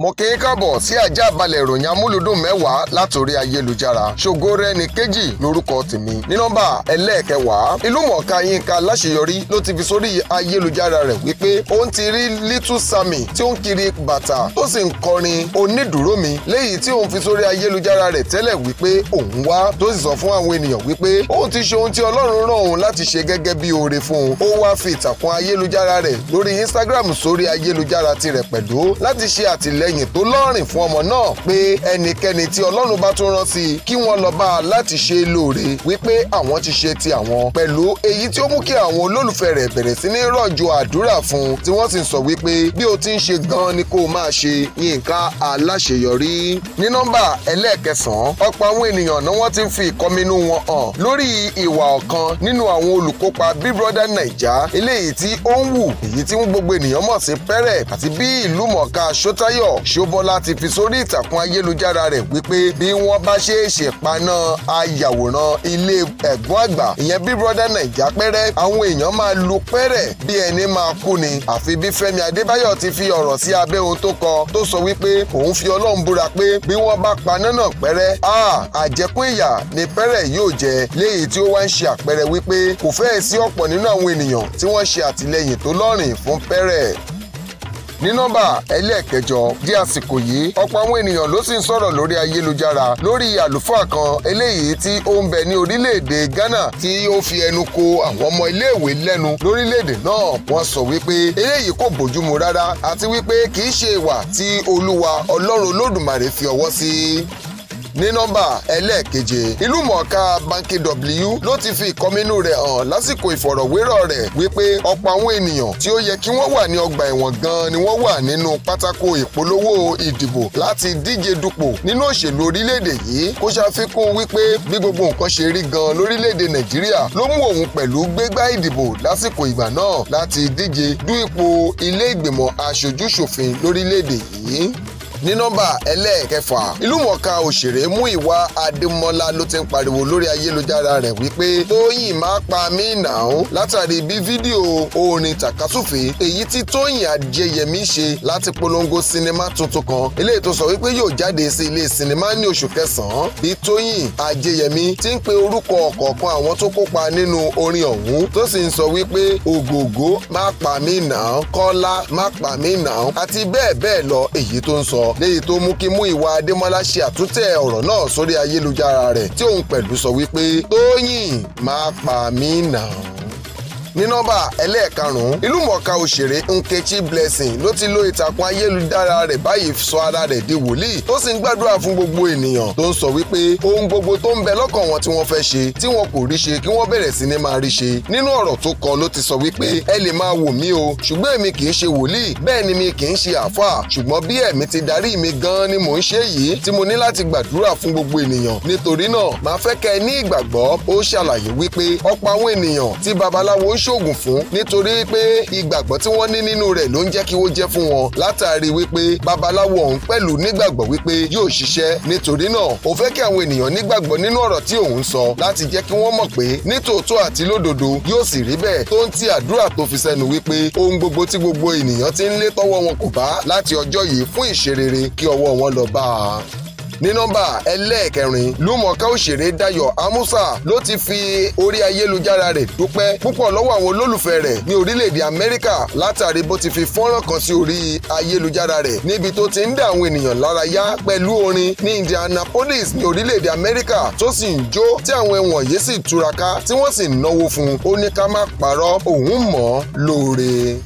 mo kì í káàbọ̀ sí ajá balẹ̀ ìròyìn amúlùdùn mẹ́wàá látòrí ayélujára ṣògo rẹ ní kéjì lórúkọ tèmi ní nọ́mbà ẹlẹ́ẹ̀kẹwàá ìlúmọ̀ọ́ká yínká láṣeyọrí ló ti fi sórí ayélujára rẹ̀ wípé ó ń ti rí little sammy tí ó ń kiri bàtà tó sì ń kọrin onídùúró mi léyìí tí òun fi sórí ayélujára rẹ̀ tẹ́lẹ̀ wípé òun wá tó sì sọ fún àwọn ènìyàn wípé òun ti ṣe ohun tí ọlọ́run rán òun láti ṣe àtìlẹ́yìn tó lọ́rìn fún ọmọ náà pé ẹnikẹ́ni tí ọlọ́run bá tún rán sí i kí wọ́n lọ bá a láti ṣe lóore wípé àwọn ti ṣe ti àwọn pẹ̀lú èyí tí ó mú kí àwọn olólùfẹ́ rẹ̀ bẹ̀rẹ̀ sí ní rọ̀jò àdúrà fún tí wọ́n sì sọ wípé bí o ti ń ṣe gan ni kó o máa ṣe Yínká aláṣeyọrí. ní nọ́mbà ẹlẹ́ẹ̀kẹsàn-án ọ̀pọ̀ àwọn ènìyàn náà wọ́n ti ń fi ìkọminú wọn hàn lórí ìwà ọ̀kan nínú àwọn olùkópa Big Brother Naija eléyìí tí ó ń wù èyí tí gbogbo ènìyàn mọ̀ sí pẹ́rẹ̀ àti bí ìlú mọ̀ọ́ká Ṣótáyọ̀ sọ̀rọ̀ ṣóbọ́lá ti fi sórí ìtàkùn ayélujára rẹ̀ wípé bí wọ́n bá ṣe é ṣèpaná ayàwòrán ilé ẹ̀gbọ́n àgbà ìyẹn Big Brother Naija pẹ́rẹ́ àwọn èèyàn máa lu pẹ́rẹ́ bí ẹni máa kú ni àfi bí Fẹ́mi Adébáyọ̀ ti fi ọ̀rọ̀ sí abẹ́ ohun tó kọ tó sọ wípé òun fi Ọlọ́run búra pé bí wọ́n bá paná náà pẹ́rẹ́ a àjẹkún ìyà ni pẹ́rẹ́ yóò jẹ léyìí tí ó wá ń ṣe àpẹẹrẹ wípé kò fẹ́ẹ̀ sí ọ̀pọ̀ nínú àwọn ènìyàn tí wọ́n ṣe àtìlẹ́yìn tó lọ́rìn fún pẹ́rẹ́ ní nọ́mbà ẹlẹ́ẹ̀kẹjọ di àsìkò yìí ọ̀pọ̀ àwọn ènìyàn ló sì ń sọ̀rọ̀ lórí ayélujára lórí àlùfáà kan eléyìí tí ó ń bẹ ní orílẹ̀-èdè Ghana tí ó fi ẹnu ko àwọn ọmọ iléèwé lẹ́nu lórílẹ̀-èdè náà wọ́n sọ wípé eléyìí kò bójúmu rárá àti wípé kì í ṣe ìwà tí Olúwa Ọlọ́run Olódùmarè fi ọwọ́ sí ní nọ́mbà ẹlẹ́ẹ̀keje ìlúmọ̀ọ́ká Banky W ló ti fi ìkọminú rẹ̀ hàn lásìkò ìfọ̀rọ̀wérọ̀ rẹ̀ wípé ọ̀pọ̀ àwọn ènìyàn tí ó yẹ kí wọ́n wà ní ọgbà ẹ̀wọ̀n gan ni wọ́n wà nínú pátákó ìpolówó ìdìbò láti díje dupò nínú òṣèlú orílẹ̀-èdè yìí kó ṣàfikún wípé bí gbogbo nǹkan ṣe rí gan lórílẹ̀-èdè Nàìjíríà ló mú òun pẹ̀lú gbégbá ìdìbò lásìkò ìgbà náà láti díje du ipò ilé ìgbìmọ̀ aṣojúṣòfin lórílẹ̀-èdè yìí ní nọ́mbà ẹlẹ́ẹ̀kẹfà ìlúmọ̀ọ́ká òṣèré Múyìwá Adémọ́lá ló ti ń pariwo lórí ayélujára rẹ̀ wípé Tóyìn máa pa mí nàá látàrí bí fídíò orin tàkásùfé èyí tí Tóyìn Adéyẹmí ṣe láti polongo sinimá tuntun kan eléyìí tó sọ wípé yóò jáde sí ilé sinimá ní oṣù kẹsàn-án bí Tóyìn Adéyẹmí ti ń pe orúkọ ọ̀kọ̀ọ̀kan àwọn tó kópa nínú orin ọ̀hún tó sì ń sọ wípé ògògó má pa mí nàá kọ́lá má pa mí nàá àti bẹ́ẹ̀ bẹ́ẹ̀ lọ èyí tó ń sọ lọ léyìí tó mú kí Múyìwá Adémọ́lá ṣe àtúntẹ̀ ọ̀rọ̀ náà sórí ayélujára rẹ̀ tí òun pẹ̀lú sọ wípé Tóyìn má pa mí nà ní nọ́mbà ẹlẹ́ẹ̀karùn-ún ìlúmọ̀ọ́ká òṣèré Nkechi Blessing ló ti lo ìtàkùn ayélujára rẹ̀ báyìí sọ ara rẹ̀ di wòlíì tó sì ń gbàdúrà fún gbogbo ènìyàn tó ń sọ wípé ohun gbogbo tó ń bẹ lọ́kàn wọn tí wọ́n fẹ́ ṣe tí wọn kò rí ṣe kí wọ́n bẹ̀rẹ̀ sí ní máa rí ṣe nínú ọ̀rọ̀ tó kọ ló ti sọ wípé ẹ lè máa wò mí o ṣùgbọ́n èmi kì í ṣe wòlíì bẹ́ẹ̀ ni mi kì í ṣe àáfàá ṣùgbọ́n bí ẹ̀mí ti darí mi gan ni mò ń ṣe yìí tí mo ní láti gbàdúrà fún gbogbo ènìyàn nítorí náà màá fẹ́ kẹ́ ẹ ní ìgbàgbọ́ ó ṣàlàyé wípé ọ̀pọ̀ àwọn ènìyàn tí babaláwo ń ṣ ṣoògùn fún nítorí pé ìgbàgbọ́ tí wọ́n ní nínú rẹ̀ ló ń jẹ́ kí ó jẹ́ fún wọn látàrí wípé babaláwo ọ̀hún pẹ̀lú nígbàgbọ́ wípé yóò ṣiṣẹ́ nítorí náà ó fẹ́ kí àwọn ènìyàn nígbàgbọ́ nínú ọ̀rọ̀ tí òun sọ láti jẹ́ kí wọ́n mọ̀ pé nítòótọ́ àti lódodo yóò sì rí bẹ́ẹ̀ tó ń ti àdúrà tó fi sẹ́nu wípé ohun gbogbo tí gbogbo ènìyàn ti ń lé tọ́wọ́ wọn kò bá láti ọjọ́ yìí fún ìṣerere kí ọwọ́ wọn lọ bá a ní nọ́mbà ẹlẹ́ẹ̀kẹrin lúmọ̀ọ́ká òṣèré Dayọ̀ Amusa ló ti fi orí ayélujára rẹ̀ dúpẹ́ púpọ̀ lọ́wọ́ àwọn olólùfẹ́ rẹ̀ ní orílẹ̀-èdè Amẹ́ríkà látàrí bó ti fi fọ́nrán kan sí orí ayélujára rẹ̀ níbi tó ti ń dá àwọn ènìyàn lára yá pẹ̀lú orin ní Indianapolis ní orílẹ̀-èdè Amẹ́ríkà tó sì ń jó tí àwọn ẹ̀wọ̀n yìí sì túraká tí wọ́n sì náwó fún un ó ní ká má parọ́ òun mọ̀ lóore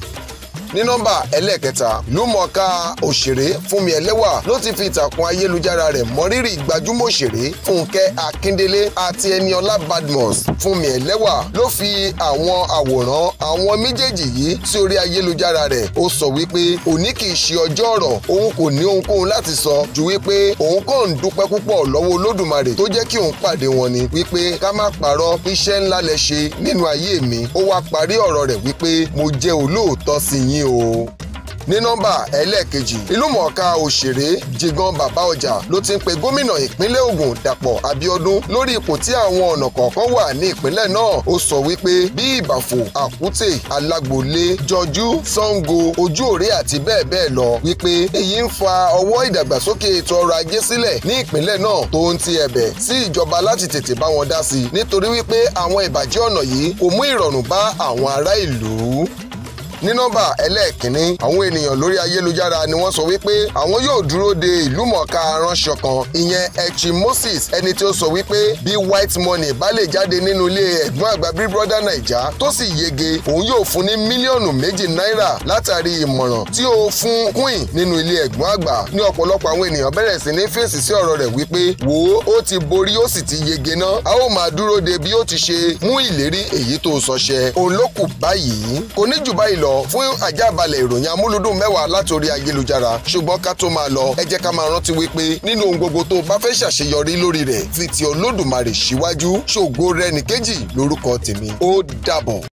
ní nọ́mbà ẹlẹ́ẹ̀kẹta ìlúmọ̀ọ́ká òṣèré Fúnmi Ẹlẹ́wà ló ti fi ìtàkùn ayélujára rẹ̀ mọ́rírì gbajúmọ̀ òṣèré Fúnkẹ́ Akíndélé àti Ẹniọlá Badmus Fúnmi Ẹlẹ́wà ló fi àwọn àwòrán àwọn méjèèjì yìí sí orí ayélujára rẹ̀ ó sọ wípé òní kì í ṣe ọjọ́ ọ̀rọ̀ òun kò ní ohunkóhun láti sọ ju wípé òun kàn ń dúpẹ́ púpọ̀ lọ́wọ́ Olódùmarè tó jẹ́ kí òun pàdé wọn ni wípé ká má parọ́ iṣẹ́ ńlá lẹ ṣe nínú ayé mi ó wá parí ọ̀rọ̀ rẹ̀ wípé mo jẹ́ olóòótọ́ sí yín ni o ní nọ́mbà ẹlẹ́ẹ̀kejì ìlúmọ̀ọ́ká òṣèré Jigan bàbá ọjà ló ti ń pe gómìnà ìpínlẹ̀ Ògùn Dàpọ̀ Abíọ́dún lórí ipò tí àwọn ọ̀nà kọ̀ọ̀kan wà ní ìpínlẹ̀ náà ó sọ wípé bí ìbàfò àkútè alágbòlé jọjú Ṣàngó ojúòrè àti bẹ́ẹ̀ bẹ́ẹ̀ lọ wípé èyí ń fa ọwọ́ ìdàgbàsókè ètò ọrọ̀ ajé sílẹ̀ ní ìpínlẹ̀ náà tó ń ti ẹ̀bẹ̀ sí ìjọba láti tètè bá wọn dá sí i nítorí wípé àwọn ìbàjẹ́ ọ̀nà yìí kò mú ìrọ̀rùn bá àwọn ará ìlú ní nọ́mbà ẹlẹ́ẹ̀kínní àwọn ènìyàn lórí ayélujára ni wọ́n sọ wípé àwọn yóò dúró de ìlú mọ̀ọ́ká aránṣọ kan ìyẹn Echi Moses ẹni tí ó sọ wípé bí white money bá lè jáde nínú ilé ẹ̀gbọ́n àgbà Big Brother Naija tó sì yege òun yóò fún ní mílíọ̀nù méjì náírà látàrí ìmọ̀ràn tí ó fún Queen nínú ilé ẹ̀gbọ́n àgbà ní ọ̀pọ̀lọpọ̀ àwọn ènìyàn bẹ̀rẹ̀ sí ní fèsì sí ọ̀rọ̀ rẹ̀ wípé wò ó ó ti borí ó sì ti yege náà a ó máa dúró de bí ó ti ṣe mú ìlérí èyí tó sọ ṣẹ òun ló kù báyìí kò ní jù báyìí lọ fún àjábalẹ̀ ìròyìn amúlùdùn mẹ́wàá látòrí ayélujára ṣùgbọ́n ká tó máa lọ ẹ jẹ́ ká máa rántí wípé nínú ohun gbogbo tó bá fẹ́ ṣàṣeyọrí lórí rẹ̀ fi ti Olódùmarè síwájú ṣògo rẹ̀ nìkejì lórúkọ tèmi ó dàbọ̀.